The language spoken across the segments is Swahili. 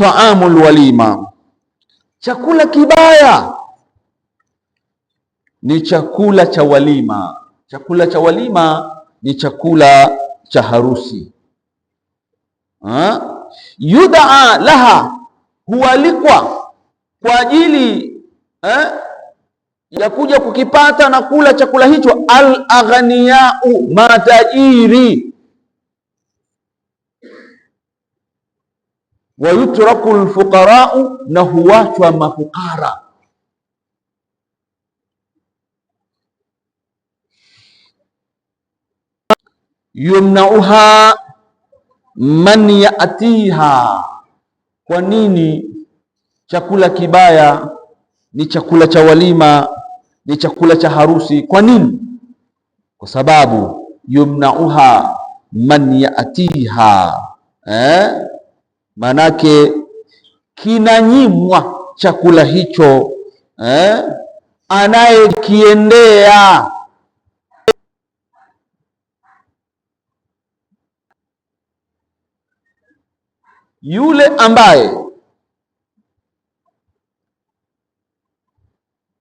taamul walima, chakula kibaya ni chakula cha walima. Chakula cha walima ni chakula cha harusi ha? yudaa laha, hualikwa kwa ajili eh, ya kuja kukipata na kula chakula hicho. Al aghniyau, matajiri wayutraku lfuqarau, na huwachwa mafukara. Yumnauha man yatiha, kwa nini chakula kibaya ni chakula cha walima, ni chakula cha harusi? Kwa nini? Kwa sababu yumnauha man yatiha eh? maanake kinanyimwa chakula hicho eh, anayekiendea yule ambaye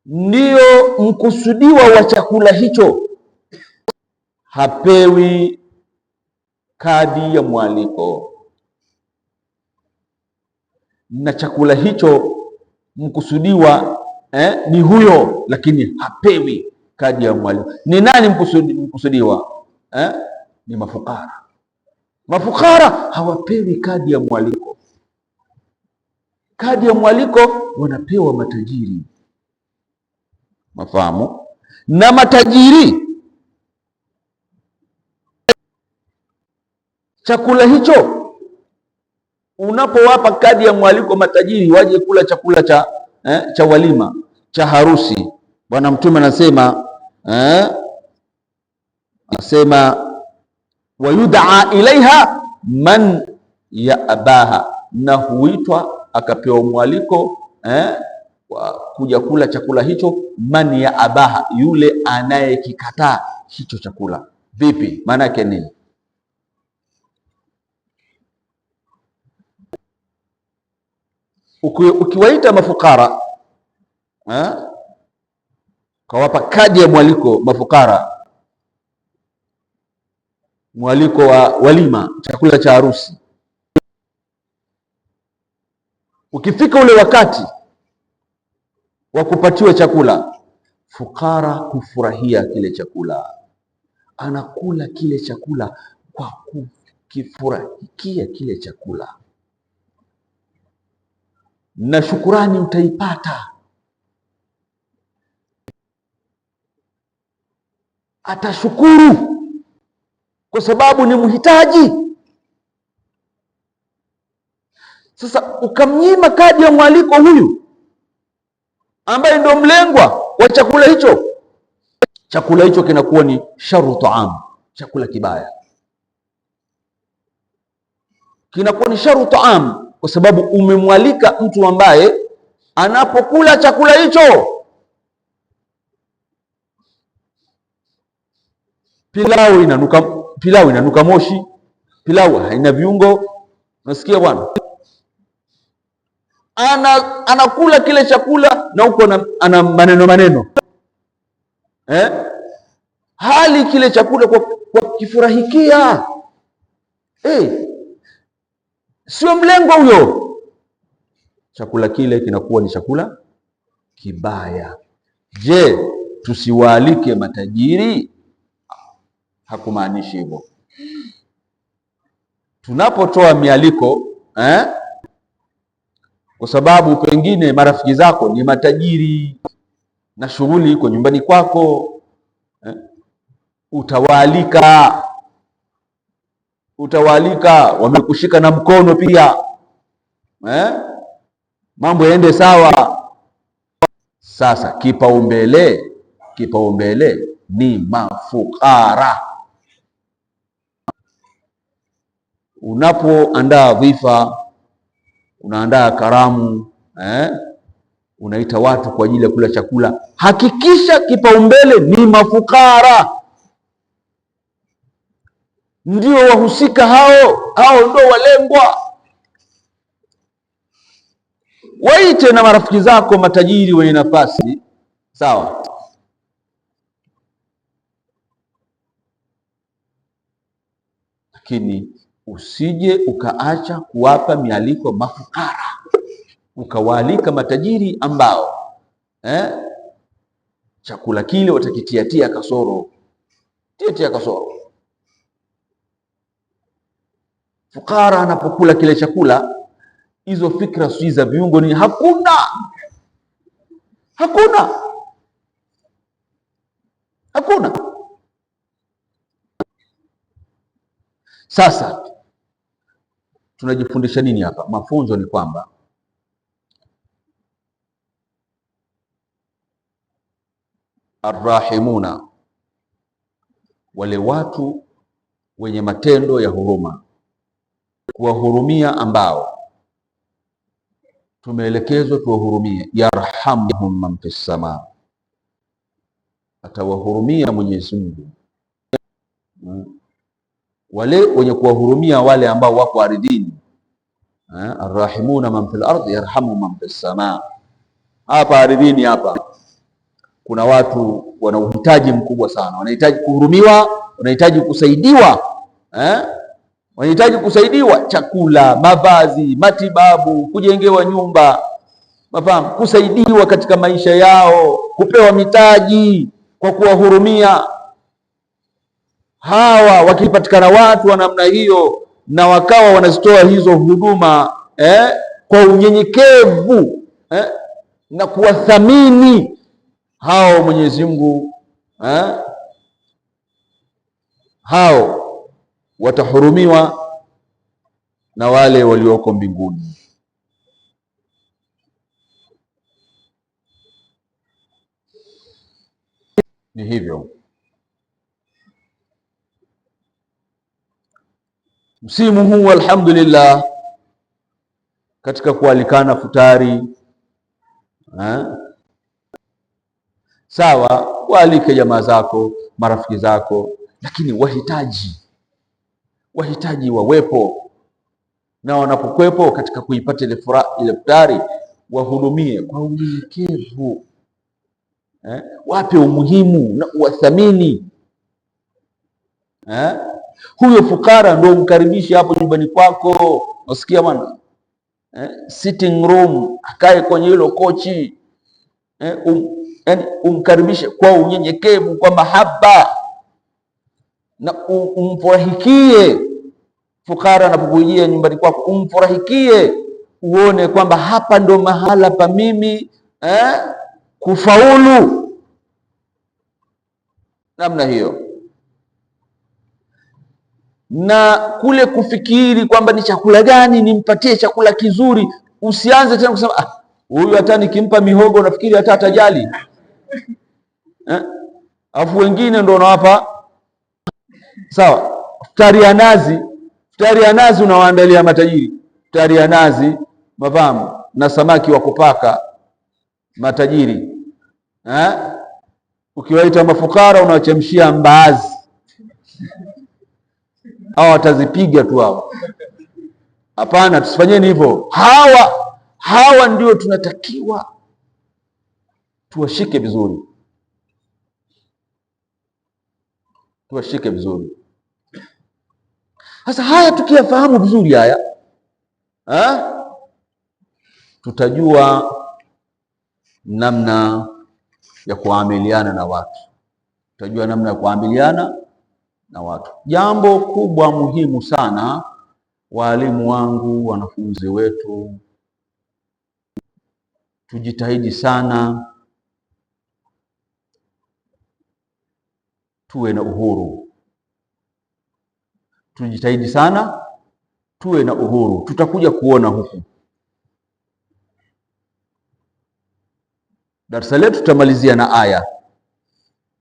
ndiyo mkusudiwa wa chakula hicho hapewi kadi ya mwaliko na chakula hicho mkusudiwa eh, ni huyo, lakini hapewi kadi ya mwalimu. Ni nani mkusudi, mkusudiwa eh? Ni mafukara. Mafukara hawapewi kadi ya mwaliko. Kadi ya mwaliko wanapewa matajiri, mafahamu na matajiri. Chakula hicho unapowapa kadi ya mwaliko matajiri waje kula chakula cha, eh, cha walima cha harusi. Bwana Mtume anasema eh, anasema wayudaa ilaiha man abaha na huitwa akapewa mwaliko eh, kuja kula chakula hicho. Man abaha yule anayekikataa hicho chakula. Vipi? maana yake nini? ukiwaita mafukara ha? Eh, kawapa kadi ya mwaliko mafukara, mwaliko wa walima, chakula cha harusi. Ukifika ule wakati wa kupatiwa chakula, fukara hufurahia kile chakula, anakula kile chakula kwa kukifurahikia kile chakula na shukurani utaipata. Atashukuru kwa sababu ni mhitaji. Sasa ukamnyima kadi ya mwaliko huyu ambaye ndio mlengwa wa chakula hicho, chakula hicho kinakuwa ni sharu taam, chakula kibaya kinakuwa ni sharu taam kwa sababu umemwalika mtu ambaye anapokula chakula hicho pilau inanuka, pilau inanuka moshi, pilau haina viungo. Unasikia bwana, ana anakula kile chakula na huko ana maneno maneno eh? hali kile chakula kwa, kwa kifurahikia eh sio mlengo huyo, chakula kile kinakuwa ni chakula kibaya. Je, tusiwaalike matajiri? Hakumaanishi hivyo. Tunapotoa mialiko eh? Kwa sababu pengine marafiki zako ni matajiri na shughuli iko nyumbani kwako eh? Utawaalika utawalika, wamekushika na mkono pia eh? Mambo yaende sawa. Sasa kipaumbele kipaumbele ni mafukara. Unapoandaa dhifa, unaandaa karamu eh? unaita watu kwa ajili ya kula chakula, hakikisha kipaumbele ni mafukara ndio wahusika hao, hao ndio walengwa. Waite na marafiki zako matajiri wenye nafasi, sawa lakini usije ukaacha kuwapa mialiko mafukara, ukawaalika matajiri ambao eh, chakula kile watakitiatia kasoro, tiatia kasoro Fukara anapokula kile chakula, hizo fikra sijui za viungo ni hakuna, hakuna, hakuna. Sasa tunajifundisha nini hapa? Mafunzo ni kwamba arrahimuna, wale watu wenye matendo ya huruma kuwahurumia ambao tumeelekezwa tuwahurumie. Yarhamhum man fis samaa, atawahurumia Mwenyezi Mungu wale wenye kuwahurumia wale ambao wako ardhini. Arrahimuna man fil ardi yarhamu man fis sama, Hapa ardhini hapa kuna watu wana uhitaji mkubwa sana, wanahitaji kuhurumiwa, wanahitaji kusaidiwa eh? wanahitaji kusaidiwa chakula, mavazi, matibabu, kujengewa nyumba, mafahamu, kusaidiwa katika maisha yao, kupewa mitaji kwa kuwahurumia. Hawa wakipatikana watu wa namna hiyo na wakawa wanazitoa hizo huduma eh, kwa unyenyekevu eh, na kuwathamini hao Mwenyezi Mungu eh, hao watahurumiwa na wale walioko mbinguni. Ni hivyo. Msimu huu alhamdulillah, katika kualikana futari ha? Eh, sawa, waalike jamaa zako, marafiki zako, lakini wahitaji wahitaji wawepo, na wanapokwepo katika kuipata ile furaha ile wahudumie kwa unyenyekevu eh, wape umuhimu na uwathamini eh? Huyo fukara ndio umkaribishe hapo nyumbani kwako, unasikia bwana eh? sitting room, akae kwenye hilo kochi eh? um, yani, umkaribishe kwa unyenyekevu, kwa mahaba na umfurahikie fukara anapokujia nyumbani kwako, umfurahikie, uone kwamba hapa ndo mahala pa mimi eh, kufaulu namna hiyo. Na kule kufikiri kwamba ni chakula gani nimpatie chakula kizuri, usianze tena kusema ah, huyu hata nikimpa mihogo nafikiri hata atajali eh? Afu wengine ndo wanawapa Sawa, futari ya nazi, futari ya nazi unawaandalia matajiri, futari ya nazi, mavamu na samaki wa kupaka matajiri eh? Ukiwaita mafukara unawachemshia mbaazi, hawa watazipiga tu hawa. Hapana, tusifanyeni hivyo. Hawa hawa ndio tunatakiwa tuwashike vizuri. tuwashike vizuri. Sasa haya tukiyafahamu vizuri haya ha? tutajua namna ya kuamiliana na watu, tutajua namna ya kuamiliana na watu. Jambo kubwa muhimu sana, waalimu wangu, wanafunzi wetu, tujitahidi sana tuwe na uhuru, tujitahidi sana tuwe na uhuru. Tutakuja kuona huku darasa letu, tutamalizia na aya.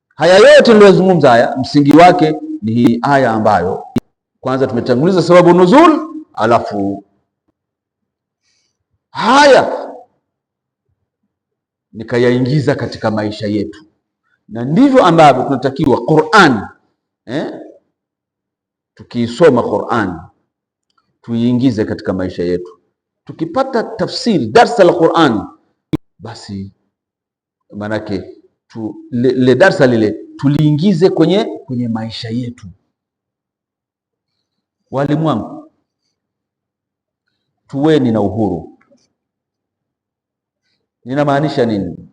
Haya yote niliyozungumza haya, msingi wake ni hii aya ambayo kwanza tumetanguliza sababu nuzul, alafu haya nikayaingiza katika maisha yetu na ndivyo ambavyo tunatakiwa Qur'an eh, tukiisoma Qur'an tuiingize katika maisha yetu. Tukipata tafsiri darsa la Qur'an, basi maanake tu, le, le darsa lile tuliingize kwenye kwenye maisha yetu. Walimu wangu, tuweni na uhuru. Ninamaanisha nini?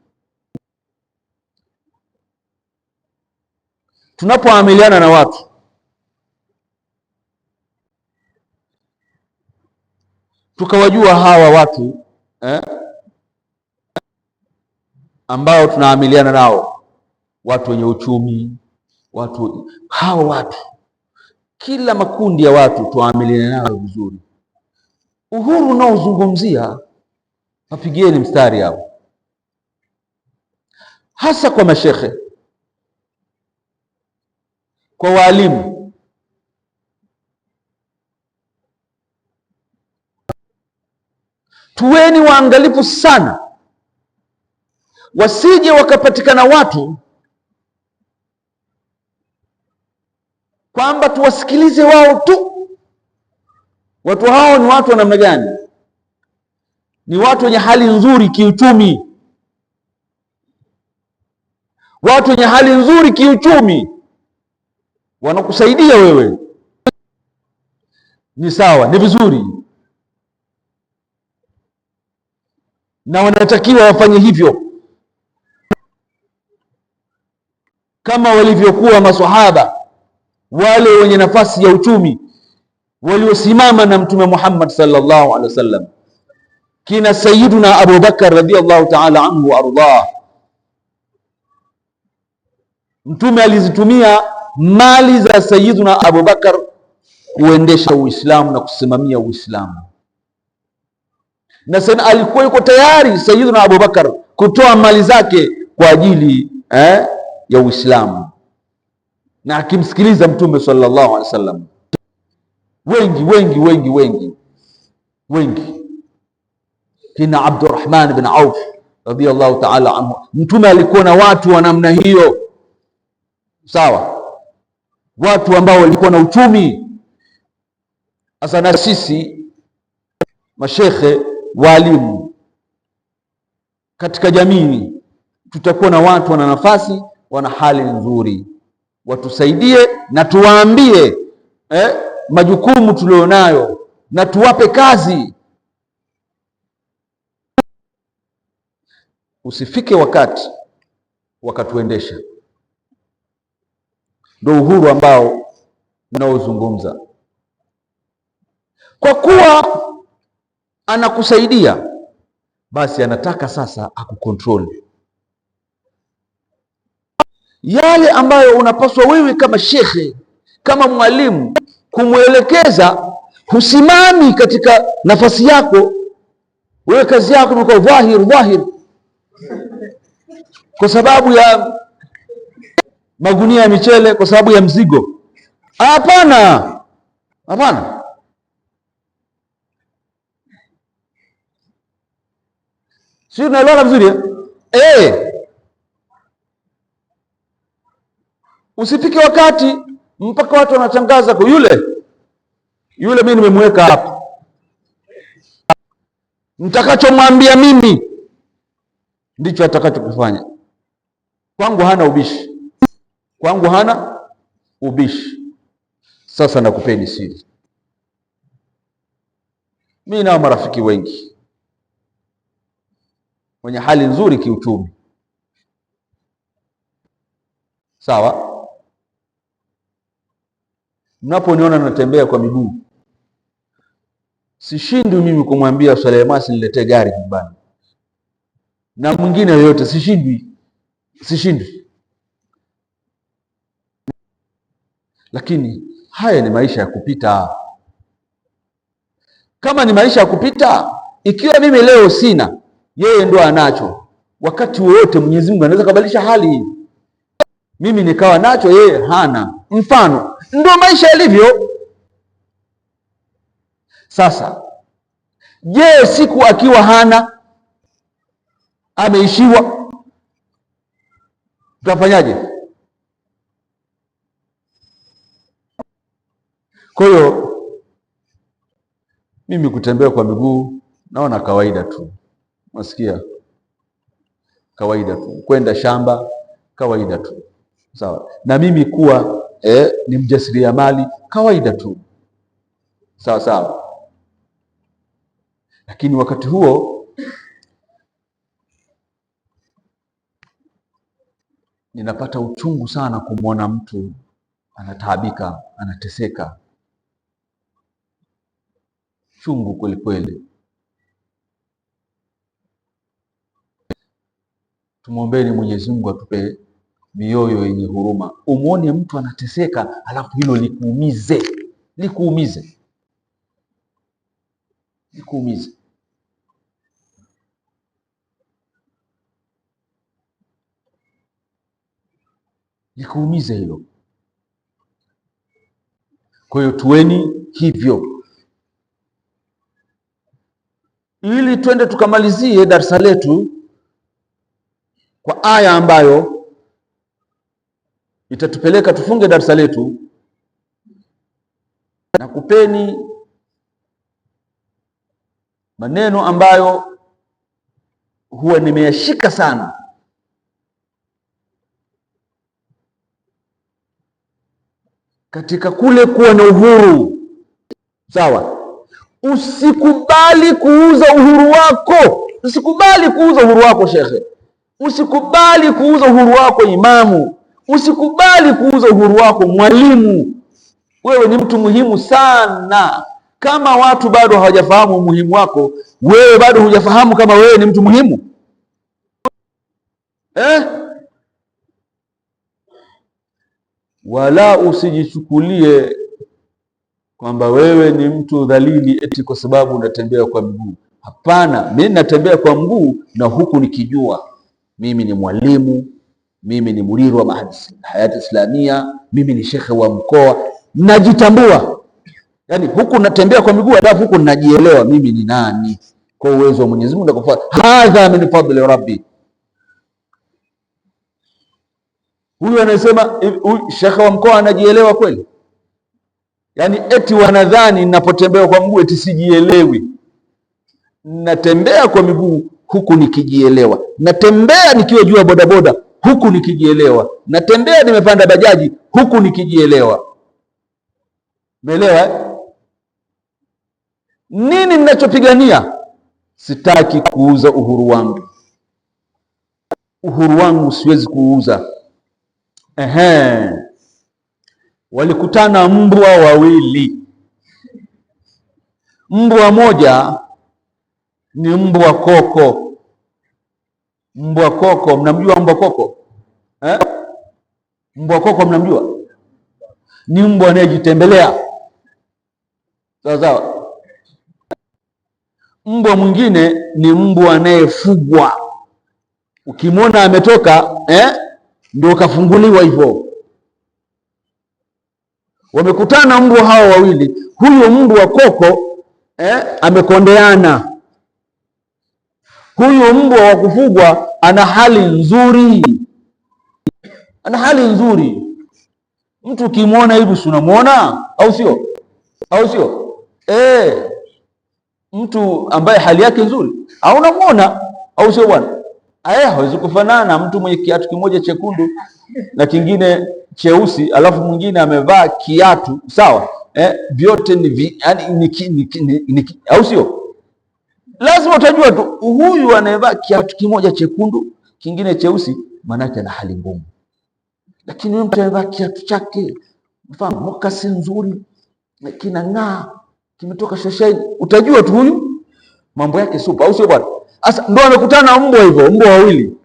tunapoamiliana na watu tukawajua hawa watu eh, ambao tunaamiliana nao, watu wenye uchumi, watu hawa watu, kila makundi ya watu tuamiliane nao vizuri. Uhuru unaozungumzia papigieni mstari hapo, hasa kwa mashekhe kwa walimu tuweni waangalifu sana wasije wakapatikana watu kwamba tuwasikilize wao tu. Watu hao ni watu wa namna gani? Ni watu wenye hali nzuri kiuchumi, watu wenye hali nzuri kiuchumi wanakusaidia wewe, ni sawa, ni vizuri na wanatakiwa wafanye hivyo kama walivyokuwa maswahaba wale wenye nafasi ya uchumi waliosimama na Mtume Muhammad sallallahu alaihi wasallam, kina Sayyiduna Abu Bakar radhiallahu ta'ala anhu arda. Mtume alizitumia mali za Sayyiduna Abubakar kuendesha Uislamu na kusimamia Uislamu, na alikuwa yuko tayari Sayyiduna Abubakar kutoa mali zake kwa ajili eh, ya Uislamu na akimsikiliza Mtume sallallahu alaihi wasallam. Wengi wengi wengi wengi wengi kina Abdurrahman bin Auf radhiyallahu ta'ala anhu, Mtume alikuwa na watu wa namna hiyo, sawa watu ambao walikuwa na uchumi. Sasa na sisi mashekhe, walimu katika jamii, tutakuwa na watu wana nafasi, wana hali nzuri, watusaidie na tuwaambie eh, majukumu tulionayo na tuwape kazi. Usifike wakati wakatuendesha ndo uhuru ambao unaozungumza kwa kuwa anakusaidia basi anataka sasa akukontrol yale ambayo unapaswa wewe kama shekhe, kama mwalimu kumwelekeza. Husimami katika nafasi yako wewe, kazi yako imekuwa dhahir dhahir kwa sababu ya magunia ya michele kwa sababu ya mzigo. Hapana, hapana. Sio, tunaelewana vizuri eh? eh? Usifike wakati mpaka watu wanatangaza kwa yule yule, mimi nimemweka hapa, mtakachomwambia mimi ndicho atakachokufanya. Kwangu hana ubishi kwangu hana ubishi. Sasa nakupeni siri, mimi na marafiki wengi wenye hali nzuri kiuchumi, sawa. Mnaponiona natembea kwa miguu, sishindwi mimi kumwambia Suleimani, niletee gari nyumbani, na mwingine yoyote sishindwi, sishindwi lakini haya ni maisha ya kupita. Kama ni maisha ya kupita, ikiwa mimi leo sina, yeye ndo anacho. Wakati wowote Mwenyezi Mungu anaweza kubadilisha hali, mimi nikawa nacho, yeye hana. Mfano ndio maisha yalivyo. Sasa je, siku akiwa hana ameishiwa, tutafanyaje? Kwa hiyo mimi kutembea kwa miguu naona kawaida tu, nasikia kawaida tu, kwenda shamba kawaida tu, sawa na mimi kuwa eh, ni mjasiriamali kawaida tu, sawa sawa. Lakini wakati huo ninapata uchungu sana kumwona mtu anataabika, anateseka chungu kweli kweli. Tumwombeni Mwenyezi Mungu atupe mioyo yenye huruma. Umwone mtu anateseka, alafu hilo likuumize, likuumize, likuumize. likuumize hilo. Kwa hiyo tuweni hivyo. ili twende tukamalizie darsa letu kwa aya ambayo itatupeleka tufunge darsa letu. Na kupeni maneno ambayo huwa nimeyashika sana katika kule kuwa na uhuru, sawa Usikubali kuuza uhuru wako, usikubali kuuza uhuru wako shekhe, usikubali kuuza uhuru wako imamu, usikubali kuuza uhuru wako mwalimu. Wewe ni mtu muhimu sana. Kama watu bado hawajafahamu umuhimu wako, wewe bado hujafahamu kama wewe ni mtu muhimu eh? Wala usijichukulie kwamba wewe ni mtu dhalili eti kwa sababu unatembea kwa miguu. Hapana, mimi natembea kwa mguu na huku nikijua mimi ni mwalimu, mimi ni muriri wa Hayati Islamia, mimi ni shekhe wa mkoa, najitambua. Yani huku natembea kwa miguu, alafu huku najielewa mimi ni nani kwa uwezo wa Mwenyezi Mungu Hadha min fadli rabbi Huyu anasema shekhe wa mkoa anajielewa kweli? Yaani eti wanadhani napotembea kwa mguu eti sijielewi. Natembea kwa miguu huku nikijielewa, natembea nikiwa juu ya bodaboda huku nikijielewa, natembea nimepanda bajaji huku nikijielewa. Umeelewa eh? Nini ninachopigania? Sitaki kuuza uhuru wangu. Uhuru wangu siwezi kuuza. Ehe walikutana mbwa wawili. Mbwa moja ni mbwa koko. Mbwa koko, mnamjua mbwa koko eh? Mbwa koko mnamjua? Ni mbwa anayejitembelea sawa sawa. Mbwa mwingine ni mbwa anayefugwa, ukimwona ametoka eh, ndio kafunguliwa hivyo Wamekutana mbwa hao wawili, huyu mbwa koko eh, amekondeana. Huyu mbwa wa kufugwa ana hali nzuri, ana hali nzuri. Mtu ukimwona hivi si unamwona, au sio? Au sio? Eh, mtu ambaye hali yake nzuri au unamwona, au sio bwana? Aya, eh, hawezi kufanana mtu mwenye kiatu kimoja chekundu na kingine cheusi, alafu mwingine amevaa kiatu sawa, eh, vyote ni vi, yani ni au sio? Lazima utajua tu huyu anayevaa kiatu kimoja chekundu, kingine cheusi, maanake ana hali ngumu, lakini huyu mtu amevaa kiatu chake, mfano mokasi nzuri, kinang'aa, kimetoka shosheni, utajua tu huyu mambo yake supa, au sio bwana? Sasa ndo amekutana mbwa hivyo, mbwa wawili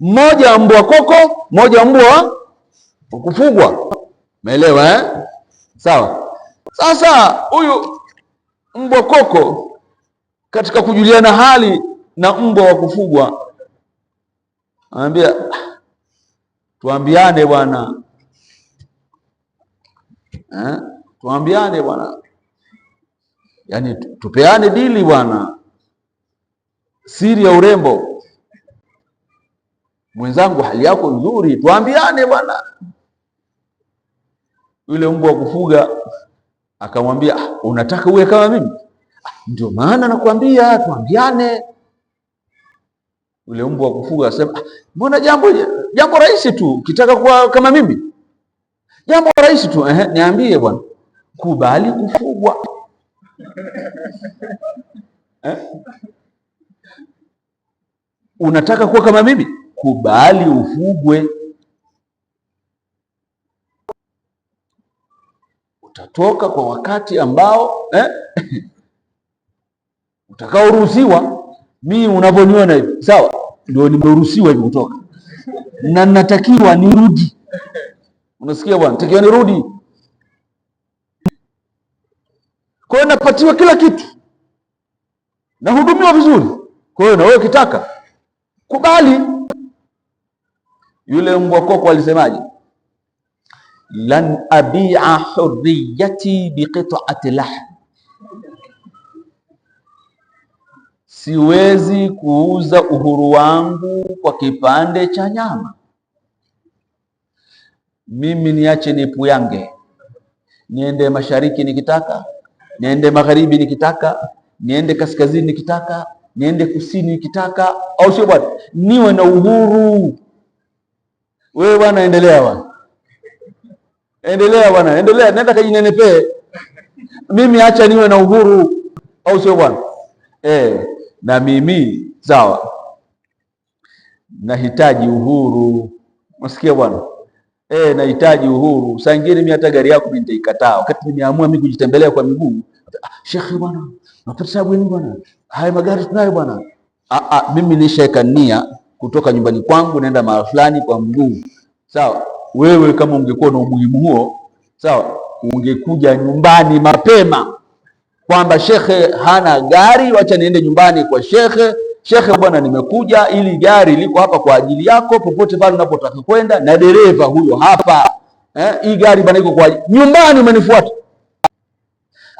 mmoja mbwa koko, mmoja mbwa wa kufugwa. Umeelewa eh? Sawa. Sasa huyu mbwa koko katika kujuliana hali na mbwa wa kufugwa anambia, tuambiane bwana eh? tuambiane bwana, yaani tupeane dili bwana, siri ya urembo mwenzangu, hali yako nzuri, tuambiane bwana. Yule mbwa wa kufuga akamwambia, ah, unataka uwe kama mimi? Ah, ndio maana nakwambia tuambiane. Yule mbwa wa kufuga asema, ah, mbona jambo jambo rahisi tu, ukitaka kuwa kama mimi, jambo rahisi tu. Ehe, niambie bwana, kubali kufugwa eh? Unataka kuwa kama mimi? kubali ufugwe, utatoka kwa wakati ambao eh, utakaoruhusiwa. Mimi unavyoniona hivi sawa, ndio nimeruhusiwa hivi kutoka na natakiwa nirudi. Unasikia bwana, natakiwa nirudi. Kwa hiyo napatiwa kila kitu, nahudumiwa vizuri. Kwa hiyo na wewe ukitaka kubali. Yule mbwa koko alisemaje? lan abia hurriyati biqit'ati lahm, siwezi kuuza uhuru wangu kwa kipande cha nyama. Mimi niache nipuyange, niende mashariki nikitaka, niende magharibi nikitaka, niende kaskazini nikitaka, niende kusini nikitaka, au sio bwana? Niwe na uhuru wewe bwana, endelea bwana, endelea bwana, endelea, nenda kajinenepee. Mimi acha niwe na uhuru, au sio bwana? Eh, na mimi sawa, nahitaji uhuru. Unasikia bwana? Eh, nahitaji uhuru. Saa ingine mimi hata gari yako mimi nitaikataa, wakati nimeamua mimi kujitembelea kwa miguu. Ah, shekhe bwana, napata sababu nini bwana? Hai magari tunayo bwana. Ah, ah, mimi nishaeka nia kutoka nyumbani kwangu naenda mahali fulani kwa mguu. Sawa, wewe kama ungekuwa na umuhimu huo, sawa, ungekuja nyumbani mapema kwamba shekhe hana gari, wacha niende nyumbani kwa shekhe. Shekhe bwana, nimekuja ili gari liko hapa kwa ajili yako, popote pale unapotaka kwenda, na dereva huyo hapa eh, hii gari bwana iko kwa ajili nyumbani, umenifuata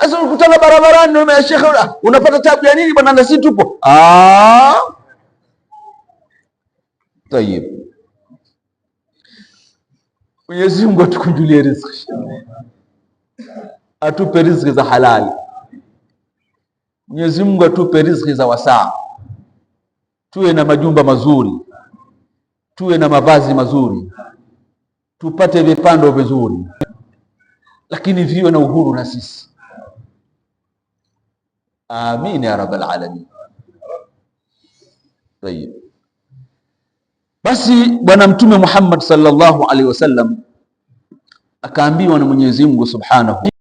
sasa. Ukutana barabarani na shekhe, unapata tabu ya nini bwana? Na sisi tupo ah Tayib. Mwenyezi Mungu atukunjulie riziki, atupe riziki za halali. Mwenyezi Mungu atupe riziki za wasaa, tuwe na majumba mazuri, tuwe na mavazi mazuri, tupate vipando vizuri, lakini viwe na uhuru na sisi. Amin ya rabbal alamin. Tayib. Basi Bwana Mtume Muhammad sallallahu alaihi wasallam akaambiwa na Mwenyezi Mungu Subhanahu